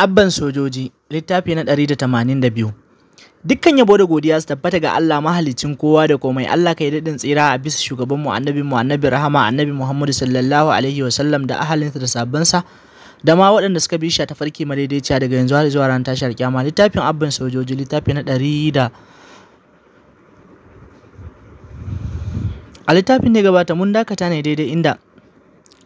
Abban Sojoji, littafi na 182. Dukkan yabo da godiya su tabbata ga Allah mahalicin kowa da komai Allah kai daɗin tsira a bisa shugabanmu annabi mu annabi rahama annabi Muhammadu sallallahu alaihi wasallam da ahalinsa da sabbansa da ma waɗanda suka bi shi ta farki madaidaiciya daga yanzu har zuwa ran tashar kyama littafin Abban Sojoji littafi na 100 A littafin da gabata mun dakata ne daidai inda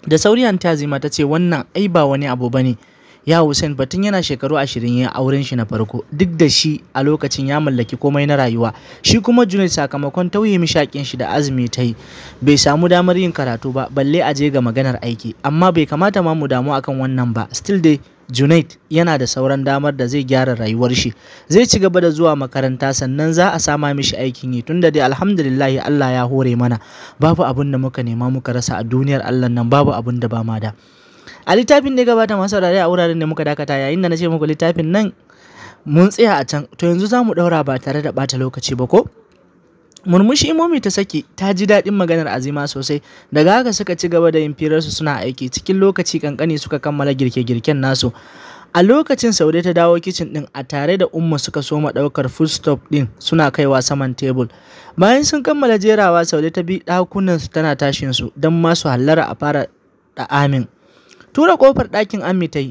da sauri Antazima ta ce wannan ai ba wani abu bane ne ya Hussein batun yana shekaru ashirin yin auren shi na farko duk da shi a lokacin ya mallaki komai na rayuwa shi kuma Junaid sakamakon tauye mishakin shi da azumi ta yi bai samu damar yin karatu ba balle a je ga maganar aiki amma bai kamata ma mu damu akan wannan ba still dai Junaid yana da sauran damar da zai gyara rayuwar shi zai ci gaba da zuwa makaranta sannan za a sama mishi aikin yi tunda dai alhamdulillah Allah ya hore mana babu abin da muka nema muka rasa a duniyar Allah nan babu abun da ba ma da a littafin da ya gabata masu saurare a wuraren da muka dakata yayin da na ce muku littafin nan mun tsaya a can to yanzu za mu ɗaura ba tare da bata lokaci ba ko murmushi Imomi ta saki ta ji daɗin maganar azima sosai daga haka suka ci gaba da yin firarsu suna aiki cikin lokaci kankani suka kammala girke-girken nasu a lokacin saude ta dawo kicin ɗin a tare da umma suka soma ɗaukar food stop ɗin suna kaiwa saman tebul bayan sun kammala jerawa saude ta bi ɗakunan su tana tashin su don masu hallara a fara da amin tura kofar ɗakin ammi ta yi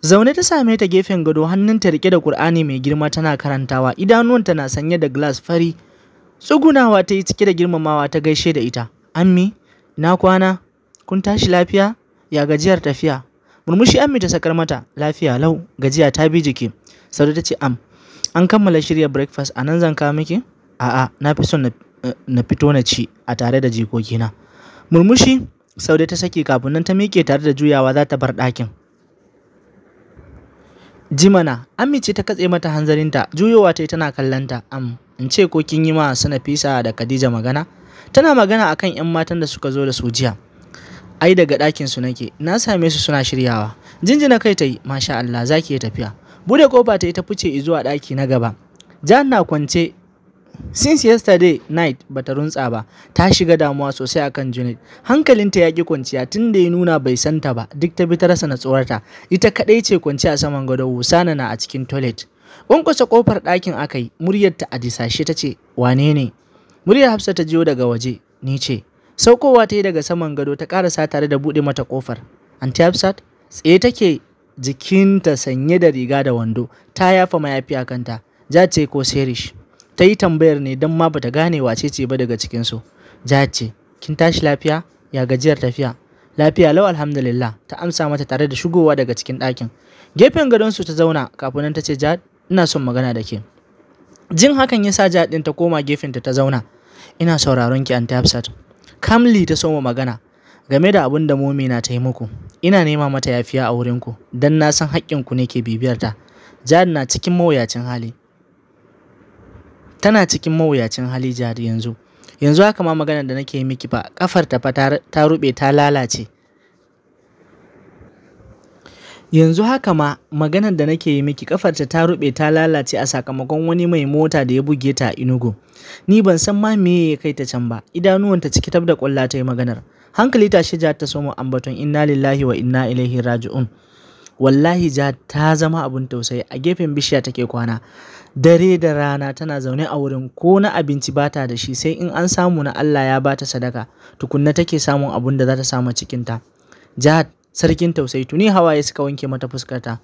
zaune ta same ta gefen gado hannunta rike da Ƙur'ani mai girma tana karantawa idanuwanta na sanye da glass fari tsugunawa ta yi cike da girmamawa ta gaishe da ita ammi na kwana kun tashi lafiya ya gajiyar tafiya murmushi ammi ta sakar mata lafiya lau gajiya ta bi jiki sau ta ce am an kammala shirya breakfast a nan zan kawo miki a'a na fi son na eh, fito na ci a tare da jikokina murmushi saude ta sake kafin nan ta miƙe tare da juyawa za ta bar ɗakin jimana amince ta katse mata hanzarinta juyowa ta yi tana kallonta am in ce ko kin yi ma suna fisa da khadija magana tana magana akan yan matan da suka zo da su jiya ai daga ɗakin su nake na same su suna shiryawa jinjina kai ta yi masha Allah za ki tafiya bude kofa ta yi ta fice zuwa ɗaki na gaba Jan na kwance Since yesterday night bata runtsa ba, ta shiga damuwa sosai akan Junaid. Hankalinta ya ki kwanciya tun da ya nuna bai santa ba, duk ta bi ta rasa natsuwarta. Ita kadai ce kwanciya a saman gado, Husana na a cikin toilet. Kwankwasa kofar ɗakin aka yi, muryarta a disashe ta ce, wane ne? Muryar Hafsa ta jiyo daga waje, ni ce. Saukowa ta yi daga saman gado ta sa tare da buɗe mata kofar. Anti Hafsat, tsaye take jikinta sanye da riga da wando, ta yafa mayafi a kanta, ja ce ko serish. ta yi tambayar ne don ma bata gane wace ce ba daga cikinsu jihar ce kin tashi lafiya ya gajiyar tafiya lafiya lau alhamdulillah ta amsa mata tare da shigowa daga cikin ɗakin gefen gadon su ta zauna kafin ta ce jad ina son magana da ke jin hakan ya sa jihar ɗin ta koma gefenta ta zauna ina sauraron ki an tafsat kamli ta soma magana game da abin da momi na ta yi muku ina nema mata yafiya a wurinku Dan na san haƙƙinku ne ke bibiyarta jad na cikin mawuyacin hali tana cikin mawuyacin hali jihar yanzu yanzu haka ma magana da nake yi miki ba, kafar ta ta rube ta lalace yanzu haka ma magana da nake yi miki kafarta ta rube ta lalace a sakamakon wani mai mota da ya buge ta a inugu ni ban san ma me ya kai ta can ba idanuwanta ciki tab da kwalla ta yi maganar hankali ta shi ta somo ambaton inna lillahi wa inna ilaihi raji'un wallahi ja ta zama abun tausayi a gefen bishiya take kwana dare da rana tana zaune a wurin ko na abinci ba ta da shi sai in an samu na Allah ya ba ta sadaka tukunna take samun abun da za ta samu cikinta. Jihad sarkin tausayi tuni hawaye suka wanke mata fuskarta.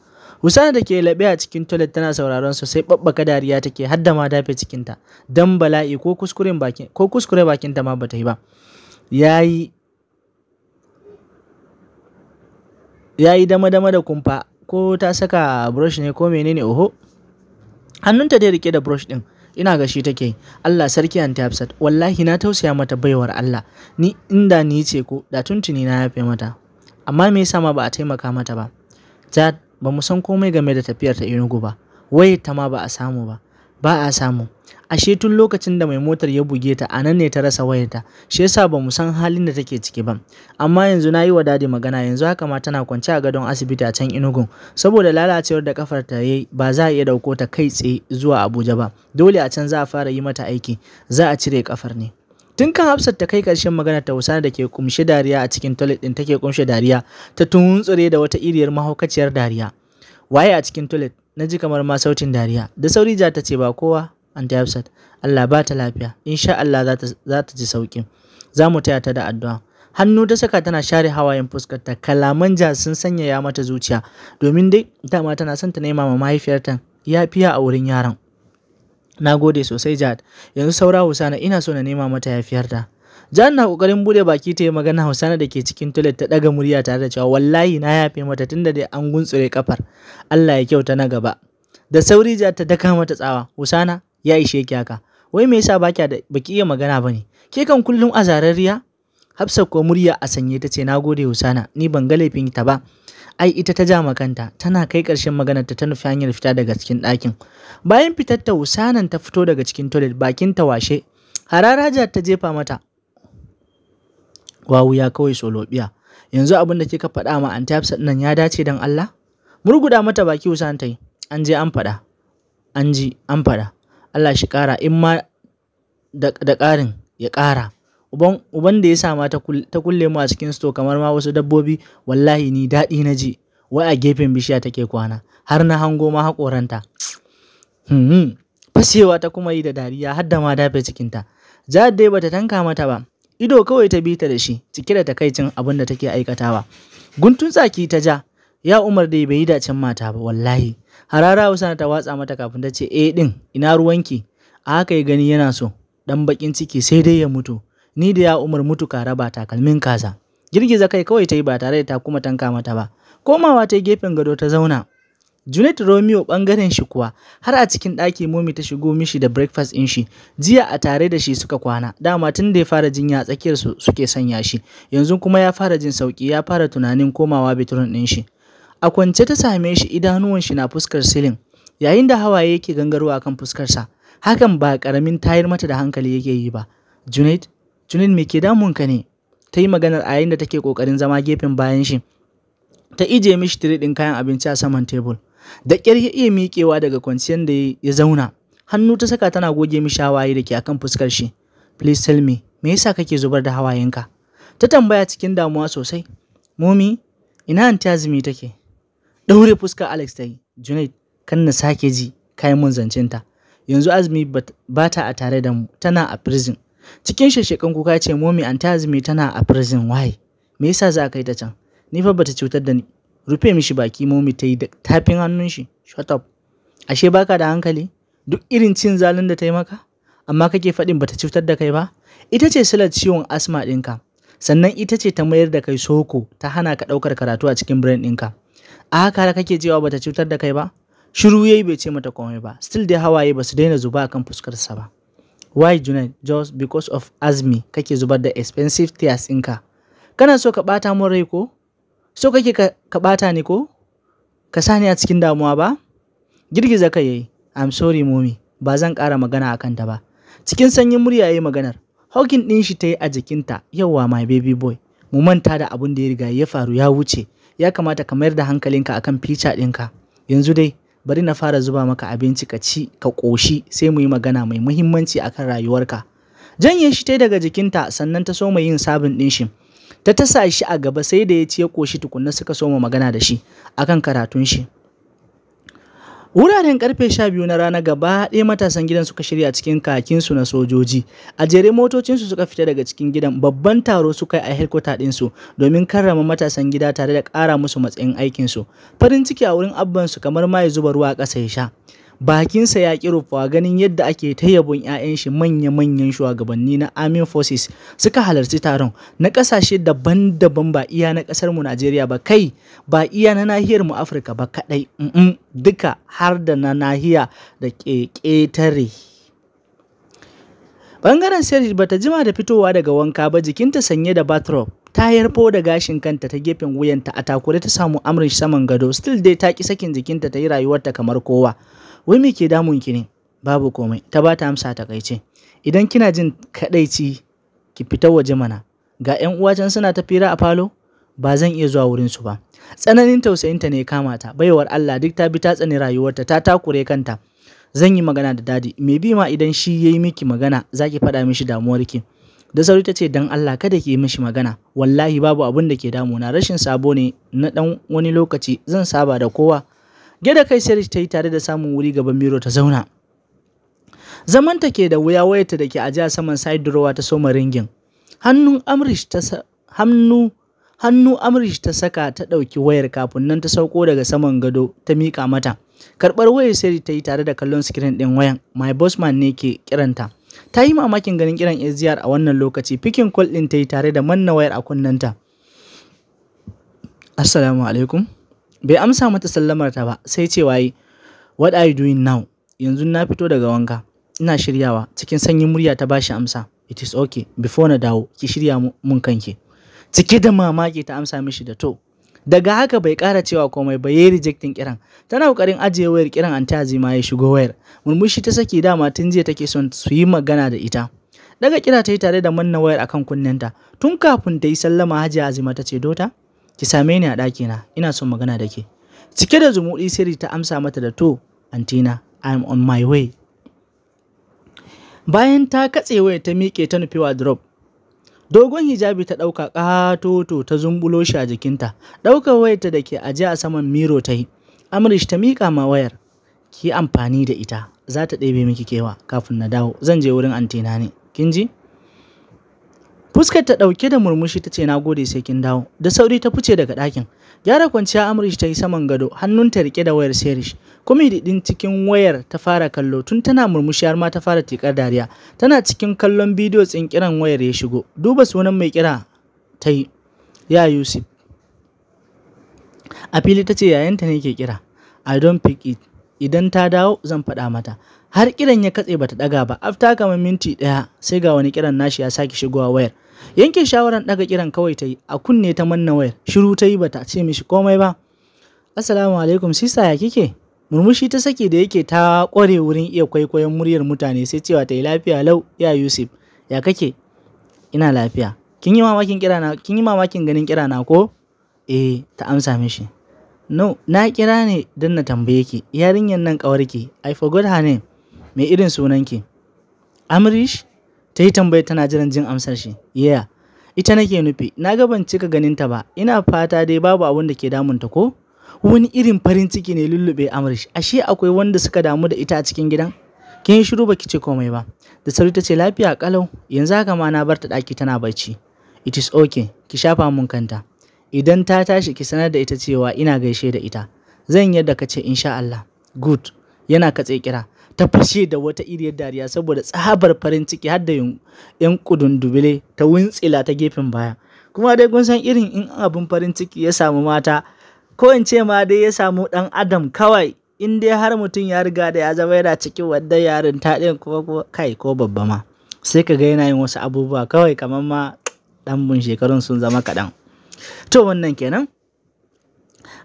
Husana da ke laɓe a cikin toilet tana sauraron su sai babbaka dariya take har da ma dafe cikinta dan bala'i ko kuskuren bakin ko kuskure bakinta ma bata yi ba. Yayi yayi dama dama da kumfa ko ta saka brush ne ko menene oho hannunta dai rike da brush din ina ga shi take Allah sarki anti Hafsat wallahi na tausaya mata baiwar Allah ni inda ni ce ko da tuntuni na yafe mata amma me yasa ma ba a taimaka mata ba Jad ba mu san komai game da tafiyar ta Enugu ba waye ta ma ba a samu ba ba a samu ashe tun lokacin da mai motar ya buge ta anan ne ta rasa wayarta shi yasa ba mu san halin da take ciki ba amma yanzu na yi wa dadi magana yanzu haka ma tana kwance a gadon asibiti a can inugun saboda lalacewar da kafar ta yi ba za a iya dauko ta kai tsaye zuwa abuja ba dole a can za a fara yi mata aiki za a cire kafar ne tun kan hafsat ta kai karshen magana ta wusana da ke kumshe dariya a cikin toilet din take kumshe dariya ta tuntsure da wata iriyar mahaukaciyar dariya waye a cikin toilet na ji kamar ma sautin dariya da sauri ja ta ce ba kowa anti hafsat allah ba ta lafiya insha allah za ta ji sauƙin za mu taya ta da addu'a hannu ta saka tana share hawayen fuskarta kalaman ja sun sanyaya mata zuciya domin dai dama tana son ta nema ma mahaifiyarta ya fiya a wurin yaron na gode sosai jad yanzu saura husana ina so na nema mata yafiyarta Jan na kokarin bude baki ta yi magana Hausana da ke cikin toilet ta daga murya tare da cewa wallahi na yafe mata tunda dai an guntsure kafar. Allah ya kyauta na gaba. Da sauri ja ta daka mata tsawa. Hausana ya ishe ki haka. Wai me yasa baki da baki iya magana bane? Ke kan kullum a zarariya? Hafsa ko murya a sanye ta ce nagode Hausana ni ban ga laifin ta ba. ai ita ta ja makanta tana kai ƙarshen maganar ta nufi hanyar fita daga cikin ɗakin bayan fitar ta wusanan ta fito daga cikin toilet bakin ta washe ja ta jefa mata wawuya kawai solobiya yanzu abin da kika faɗa ma anti Hafsat nan ya dace dan Allah murguda mata baki wusan ta an je an faɗa an ji an faɗa Allah shi ƙara in ma da ƙarin ya ƙara uban uban da ya sa mata ta kulle mu a cikin sto kamar ma wasu dabbobi wallahi ni daɗi na ji wai a gefen bishiya take kwana har na hango ma haƙoranta hmm, hmm. fasewa ta kuma yi da dariya har da ma dafe cikinta jihar dai bata tanka mata ba ido kawai ta bi ta da shi cike da takaicin abin da take aikatawa guntun tsaki ta ja ya umar da bai yi dacen mata ba wallahi harara hausa ta watsa mata kafin ta ce eh din ina ruwanki a haka ya gani yana so dan bakin ciki sai dai ya mutu ni da ya umar mutu ka raba takalmin kaza girgiza kai kawai ta yi ba tare da ta kuma tanka mata ba komawa ta gefen gado ta zauna junet Romeo bangaren shi kuwa, har a cikin ɗaki Momi ta shigo mishi da breakfast ɗin shi, jiya a tare da shi suka kwana, dama tun da ya fara jinya a tsakiyar su suke sanya shi, yanzu kuma ya fara jin sauki ya fara tunanin komawa bitrun ɗin shi. A kwance ta same shi idanuwan shi na fuskar silin, yayin da hawaye yake gangarowa akan fuskarsa, hakan ba karamin tayar mata da hankali yake yi ba. junet Junet me ke damunka ne? Ta yi maganar a yayin da take kokarin zama gefen bayan shi. Ta ije mishi tire ɗin kayan abinci a saman tebur. da ƙyar ya iya miƙewa daga kwanciyar da ya zauna hannu ta saka tana goge mishi hawaye da ke akan fuskar shi please tell me me yasa kake zubar da hawayenka ta tambaya cikin damuwa sosai momi ina azumi take daure fuskar alex ta yi junaid kan na sake ji kayan mun ta yanzu azumi ba ta a tare da mu tana a prison cikin sheshekan kuka ce momi Azumi tana a prison why me yasa za ka yi ta can ni fa bata cutar da ni rufe mishi baki momi ta yi da tafin hannun shi shut up ashe baka da hankali duk irin cin zalin da ta yi maka amma kake faɗin bata cutar da kai ba ita ce silar ciwon asma ɗinka sannan ita ce ta mayar da kai soko ta hana ka ɗaukar karatu a cikin brain ɗinka a haka kake cewa bata cutar da kai ba shiru yayi bai ce mata komai ba still dai hawaye basu daina zuba kan fuskarsa ba why junaid just because of azmi kake zubar da expensive tears ɗinka kana so ka bata mun rai ko so kake ka bata ni ko ka sa a cikin damuwa ba girgiza ka yayi i'm sorry mommy ba zan kara magana a kanta ba cikin sanyin murya yayi maganar hawkin ɗin shi ta yi a jikinta yawa my baby boy mu manta da abun da ya riga ya faru ya wuce ya kamata ka mayar da hankalinka akan fica ɗinka yanzu dai bari na fara zuba maka abinci ka ci ka ƙoshi sai mu yi magana mai muhimmanci akan rayuwarka janye shi ta daga jikinta sannan ta so mai yin sabin ɗin shi ta tasa shi a gaba sai da ya ce ya koshi tukunna suka soma magana da shi akan karatun shi wuraren karfe sha biyu na rana gaba ɗaya matasan gidan suka shirya cikin kakinsu na sojoji a jere motocinsu suka fita daga cikin gidan babban taro suka yi a helkwata ɗinsu domin karrama matasan gida tare da ƙara musu matsayin aikinsu farin ciki a wurin abbansu kamar ma ya zuba ruwa ƙasa ya sha bakinsa ya ƙi rufuwa ganin yadda ake ta yabon 'ya'yan shi manya-manyan shugabanni na Army Forces suka halarci taron na ƙasashe daban-daban ba iya na ƙasar mu Najeriya ba kai ba iya na nahiyar mu Afirka ba kaɗai duka har da na nahiya da ƙetare. Bangaren Serge bata jima da fitowa daga wanka ba jikinta sanye da bathrobe. Ta yarfo da gashin kanta ta gefen wuyanta a takure ta samu amrin saman gado still dai ta ki sakin jikinta ta yi rayuwarta kamar kowa. wai me ke damun ki ne babu komai ta ba ta amsa ta kaice idan kina jin kadaici ki fita waje mana ga yan uwa can suna ta fira a falo ba zan iya zuwa wurin su ba tsananin tausayin ta ne kama ta baiwar Allah duk ta bi ta tsani rayuwarta ta takure kanta zan yi magana da dadi me bi ma idan shi yayi miki magana zaki faɗa mishi damuwar ki? da sauri ta ce dan Allah kada ki yi mishi magana wallahi babu abin da ke damu. Na rashin sabo ne na dan wani lokaci zan saba da kowa gida kai sai ta yi tare da samun wuri gaban miro ta zauna. Zaman ta ke da wuya wayarta da ke ajiya saman side drawer ta soma ringin. Hannun Amrish ta hannu hannu Amrish ta saka ta ɗauki wayar kafin nan ta sauko daga saman gado ta miƙa mata. Karɓar wayar sai ta yi tare da kallon screen ɗin wayan. My bossman ne ke kiranta. ta yi mamakin ganin kiran SGR a wannan lokaci fikin call ɗin ta yi tare da manna wayar a kunnanta. Assalamu alaikum. bai amsa mata sallamar ta ba sai cewa yi what are you doing now yanzu na fito daga wanka ina shiryawa cikin sanyin murya ta bashi amsa it is okay before na dawo ki shirya mun kanki cike da mamaki ta amsa mishi da to daga haka bai ƙara cewa komai ba yayi rejecting kiran tana kokarin ajiye wayar kiran anti azima ya shigo wayar murmushi ta saki dama tun jiya take son su yi magana da ita daga kira ta yi tare da manna wayar akan kunnenta tun kafin ta yi sallama hajiya azima ta ce dota ki same ni a ɗakina ina son magana da ke cike da zumuɗi sirri ta amsa mata da to antina i'm on my way bayan ta katse waya ta miƙe ta nufi drop dogon hijabi ta ɗauka ƙatoto ta zumbulo shi a jikinta ɗaukar wayarta da ke aje a saman miro ta yi amrish ta miƙa ma wayar ki amfani da ita za ta ɗebe miki kewa kafin na dawo zan je wurin antina ne kin ji Fuskar ta ɗauke da murmushi ta ce na gode sai kin dawo. Da sauri ta fice daga ɗakin. Gyara kwanciya Amrish ta yi saman gado, hannunta rike da wayar Serish. Kuma din cikin wayar ta fara kallo tun tana murmushi har ma ta fara tikar dariya. Tana cikin kallon bidiyo tsinkiran wayar ya shigo. Duba sunan mai kira ta yi. Ya Yusuf. A fili ta ce yayanta ne ke kira. I don't pick it. idan ta dawo zan faɗa mata har kiran ya katse bata ɗaga ba afta kamar minti ɗaya sai ga wani kiran nashi ya sake shigowa wayar yanke shawaran ɗaga kiran kawai ta yi a kunne ta manna wayar shiru ta yi bata ce mishi komai ba assalamu alaikum sisa ya kike murmushi ta saki da yake ta kware wurin iya kwaikwayon muryar mutane sai cewa ta yi lafiya lau ya yusuf ya kake ina lafiya kin yi mamakin kirana kin yi mamakin ganin kirana ko eh ta amsa mishi No, na kira ne don na tambaye ki, yarinyar nan ƙawarki, I forgot her name, mai irin sunan ki. Amrish? Ta yi tambaye tana jiran jin amsar shi, yeah, ita nake nufi, na ga ban cika ganin ta ba, ina fata dai babu abin da ke ta ko? Wani irin farin ciki ne lullube Amrish, ashe akwai wanda suka damu da ita a cikin gidan? Kin yi shiru baki ce komai ba, da sauri ta ce lafiya kalau, yanzu haka ma na bar ta ɗaki tana bacci. It is okay, ki shafa mun kanta. Idan ta tashi ki sanar da ita cewa ina gaishe da ita. Zan yadda ka ce insha Allah. Good. Yana katse kira. Ta fashe da wata iriyar dariya saboda tsabar farin ciki har da yan dubile ta wuntsila ta gefen baya. Kuma dai kun san irin in abin farin ciki ya samu mata ko in ce ma dai ya samu dan adam kawai in dai har mutum ya riga da ya zama yana cikin wadda yarin ta ɗin ko kai ko babba ma sai ka ga yana yin wasu abubuwa kawai kamar ma ɗan shekarun sun zama kaɗan. to wannan kenan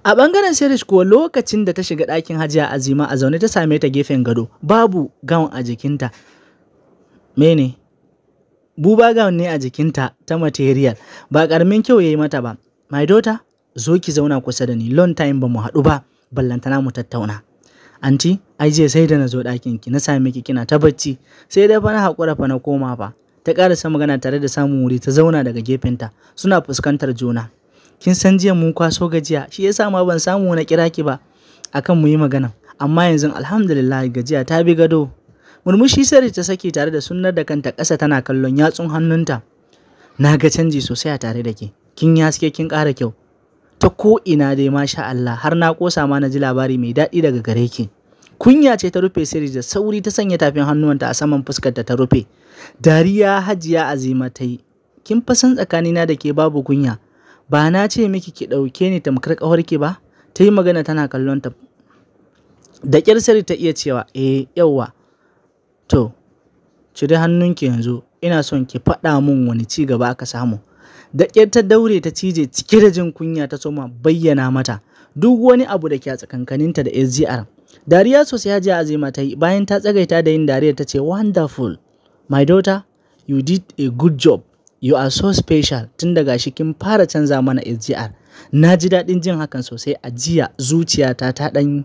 a bangaren sirish kuwa lokacin da ta shiga ɗakin hajiya azima a zaune ta same ta gefen gado babu gawon a jikinta mene buba ne a jikinta ta material ba ƙaramin kyau ya yi mata ba my daughter zo ki zauna kusa da ni long time ba mu haɗu ba ballantana mu tattauna anti ai jiya sai da na zo ɗakin ki na same ki kina ta bacci sai dai fa na haƙura fa na koma fa ta ƙarasa magana tare da samun wuri ta zauna daga gefenta suna fuskantar juna kin san jiya mun kwaso gajiya shi yasa ma ban samu na kira ki ba akan mu yi magana amma yanzu alhamdulillah gajiya ta bi gado murmushi sare ta saki tare da sunnar da kanta ƙasa tana kallon yatsun hannunta na ga canji sosai a tare da ke kin haske kin ƙara kyau ta ko ina dai masha Allah har na kosa ma na ji labari mai daɗi daga gare ki kunya ce ta rufe sirri da sauri ta sanya tafin hannuwanta a saman fuskarta ta rufe dariya hajiya azima ta yi kin fasan tsakanina da ke babu kunya ba na ce miki ki ɗauke ni tamkar ƙawarki ba ta yi magana tana kallon ta da ƙyar sirri ta iya cewa eh yauwa to cire hannunki yanzu ina son ki faɗa mun wani ci gaba aka samu da ƙyar ta daure ta cije cike da jin kunya ta soma bayyana mata duk wani abu da ke a tsakankaninta da SGR Dariya sosai Hajiya Azima ta yi bayan ta tsagaita da yin dariya ta ce wonderful my daughter you did a good job you are so special tun daga shi kin fara canza mana SGR na ji daɗin jin hakan sosai ajiya jiya zuciyata ta ɗan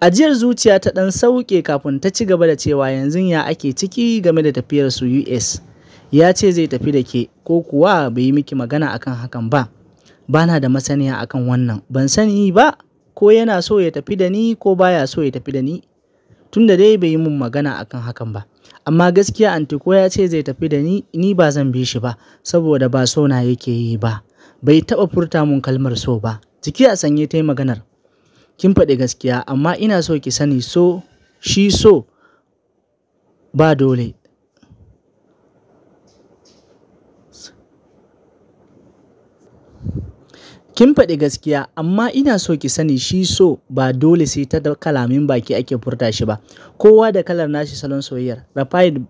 ajiyar zuciya ta ɗan sauke kafin ta ci gaba da cewa yanzu ya ake ciki game da tafiyar su US ya ce zai tafi da ke ko kuwa bai yi miki magana akan hakan ba bana da masaniya akan wannan ban sani ba ko yana so ya tafi da ni ko baya so ya tafi da ni tunda dai bai yi mun magana akan hakan ba amma gaskiya anti ko ya ce zai tafi da ni ni ba zan bi shi ba saboda ba so na yake yi ba bai taɓa furta mun kalmar so ba jiki a sanye ta yi maganar kin faɗi gaskiya amma ina so ki sani so shi so ba dole Kin faɗi gaskiya, amma ina so ki sani shi so ba dole sai ta kalamin baki ake furta shi ba. Kowa da kalar nashi salon soyayyar. Rafa'il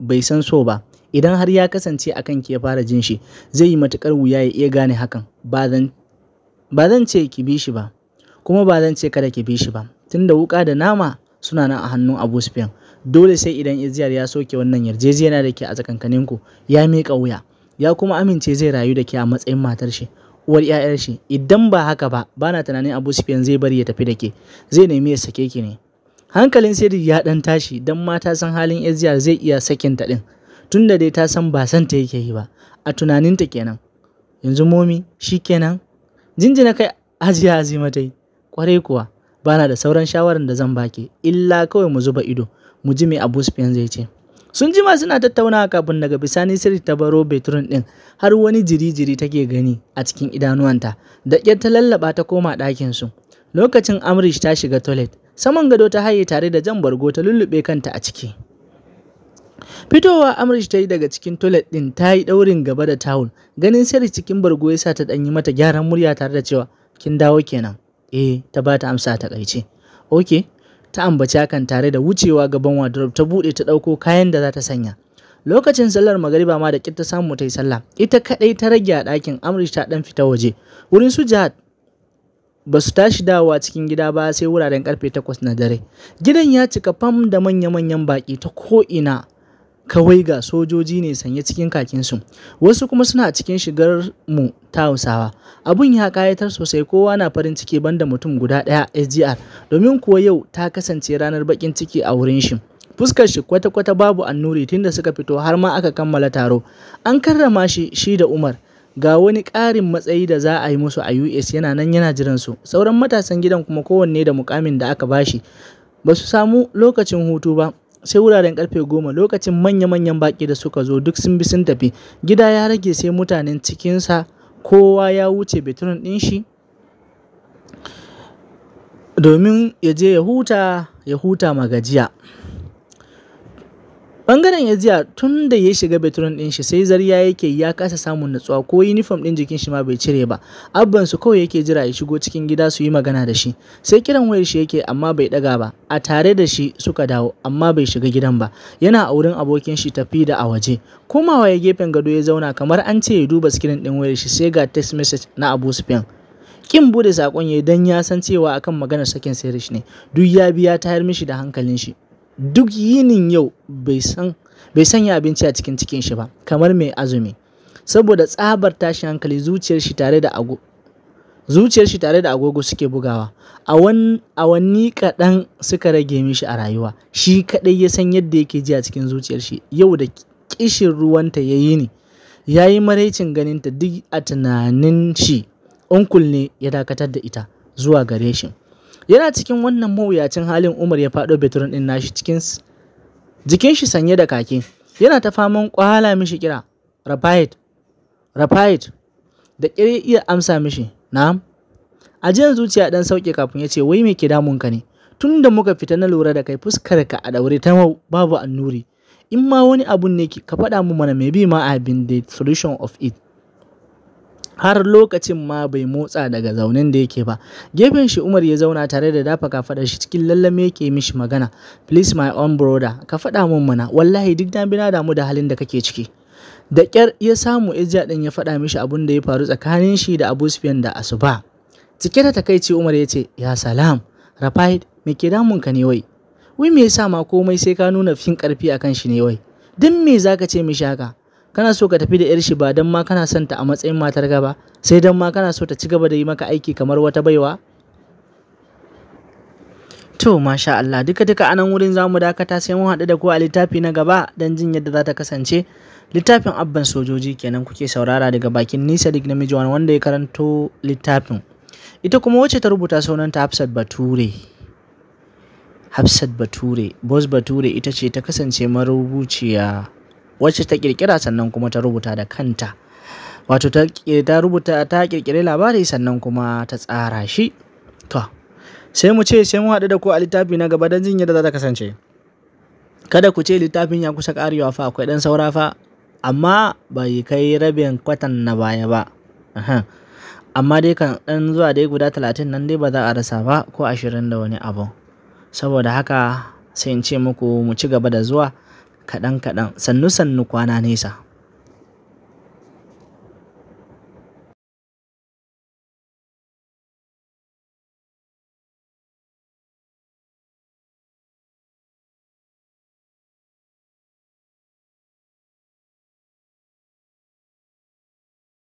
bai san so ba. Idan har ya kasance akan ke fara jin shi, zai yi matukar wuya ya iya gane hakan. Ba zan ce ki bi shi ba, kuma ba zan ce kada ki bi shi ba. Tunda wuƙa da nama suna nan a hannun Abu Sufyan. Dole sai idan Izziyar ya soke wannan yarjejeniya da ke a tsakankaninku, ya miƙa wuya. ya kuma amince zai rayu da ke a matsayin matar shi uwar 'ya'yan shi idan ba haka ba ba na tunanin Abu zai bari ya tafi da ke zai nemi ya sake ki ne hankalin sai ya dan tashi dan mata san halin ezia zai iya sakin ta din tunda dai ta san ba san ta yake yi ba a tunaninta kenan yanzu momi shi kenan jinjina kai Aziya Azima tai kwarai kuwa bana da sauran shawaran da zan baki illa kawai mu zuba ido mu ji me Abu Sufyan zai ce sun jima suna tattaunawa kafin daga bisani sirri ta baro betrun din har wani jiri-jiri take gani a cikin idanuwanta da ƙyar ta lallaba ta koma ɗakin su lokacin amrish ta shiga toilet saman gado ta haye tare da jan bargo ta lullube kanta a ciki fitowa amrish ta yi daga cikin toilet din ta yi ɗaurin gaba da tawul ganin sirri cikin bargo ya sa ta ɗanyi mata gyaran murya tare da cewa kin dawo kenan eh ta ba ta amsa ta kaice ok ta ambaci hakan tare da wucewa gaban wardrobe ta buɗe ta ɗauko kayan da za ta sanya. Lokacin sallar magariba ma da ƙir ta samu ta yi sallah, ita kadai ta rage a ɗakin Amrish ta ɗan fita waje. Wurin su Jihad ba su tashi dawowa cikin gida ba sai wuraren karfe takwas na dare. Gidan ya cika fam da manya-manyan baƙi ta ko'ina kawai ga sojoji ne sanye cikin kakinsu wasu kuma suna cikin shigar mu ta hausawa abun ya kayatar sosai kowa na farin ciki banda mutum guda ɗaya sgr domin kuwa yau ta kasance ranar bakin ciki a wurin shi fuskar shi kwata-kwata babu annuri tunda suka fito har ma aka kammala taro an karrama shi shi da umar ga wani ƙarin matsayi da za a yi musu a us yana nan yana jiran su sauran matasan gidan kuma kowanne da mukamin da aka bashi ba su samu lokacin hutu ba sai wuraren karfe goma lokacin manya-manyan baki da suka zo duk sun bi sun tafi gida ya rage sai mutanen cikinsa kowa ya wuce beturin ɗin shi domin ya je ya huta ya huta magajiya Bangaren ya jiya tun da ya shiga betron din shi sai zariya yake ya kasa samun natsuwa ko uniform ɗin jikin shi ma bai cire ba. Abban su kawai yake jira ya shigo cikin gida su yi magana da shi. Sai kiran wayar shi yake amma bai ɗaga ba. A tare da shi suka dawo amma bai shiga gidan ba. Yana a wurin abokin shi tafi da a waje. Komawa ya gefen gado ya zauna kamar an ce ya duba screen din wayar shi sai ga text message na Abu Sufyan. kin bude sakon yayi dan ya san cewa akan maganar sakin sayar ne duk ya biya tayar mishi da hankalin shi duk yinin yau bai sanya abinci a cikin cikin shi ba kamar mai azumi saboda tsabar tashin hankali zuciyar shi tare da agogo suke bugawa a wani kaɗan suka rage mishi a rayuwa shi kaɗai ya san yadda yake ji a cikin zuciyar shi yau da kishin ruwanta ya yi ne ya yi maraicin ganinta duk a tunanin shi onkul ne ya dakatar da ita zuwa gare shi yana cikin wannan mawuyacin halin umar ya faɗo betron ɗin nashi cikin jikin shi sanye da kake yana ta faman kwala mishi kira rafayit rafayit da kire iya amsa mishi na'am jiyan zuciya dan sauke kafin ya ce wai me ke damun ka ne Tunda muka fita na lura da kai fuskar ka a daure ta babu annuri in ma wani abun ne ki? ka faɗa mu mana maybe ma I have been the solution of it har lokacin ma bai motsa daga zaunen da yake ba gefen shi umar ya zauna tare da dafa kafaɗar shi cikin lallame yake mishi magana please my own brother ka faɗa min mana wallahi duk na bina damu da halin da kake ciki da ƙyar ya samu izja din ya faɗa mishi abun da ya faru tsakanin shi da abu da asuba cike da takaici umar ya ce ya salam rafa'id me ke damun ka ne wai wai me yasa ma komai sai ka nuna fin ƙarfi akan shi ne wai duk me zaka ce mishi haka kana so ka tafi da 'yar shi ba don ma kana son ta a matsayin matar gaba sai don ma kana so ta ci gaba da yi maka aiki kamar wata baiwa to masha Allah duka duka anan wurin zamu dakata sai mun haɗu da ku a littafi na gaba don jin yadda za ta kasance littafin abban sojoji kenan kuke saurara daga bakin nisa dik namiji wanda ya karanto littafin ita kuma wacce ta rubuta sunanta Hafsat Bature. Hafsat Bature, Boss Bature ita ce ta kasance marubuciya wacce ta kirkira sannan kuma ta rubuta da kanta wato ta rubuta ta kirkiri labari sannan kuma ta tsara shi to sai mu ce sai mu haɗu da ku a littafi na gaba don jin yadda za ta kasance kada ku ce littafin ya kusa karewa fa akwai ɗan saura fa amma bai kai rabin kwatan na baya ba amma dai kan ɗan zuwa dai guda talatin nan dai ba za a rasa ba ko ashirin da wani abu saboda haka sai in ce muku mu ci gaba da zuwa kaɗan kaɗan sannu sannu kwana nesa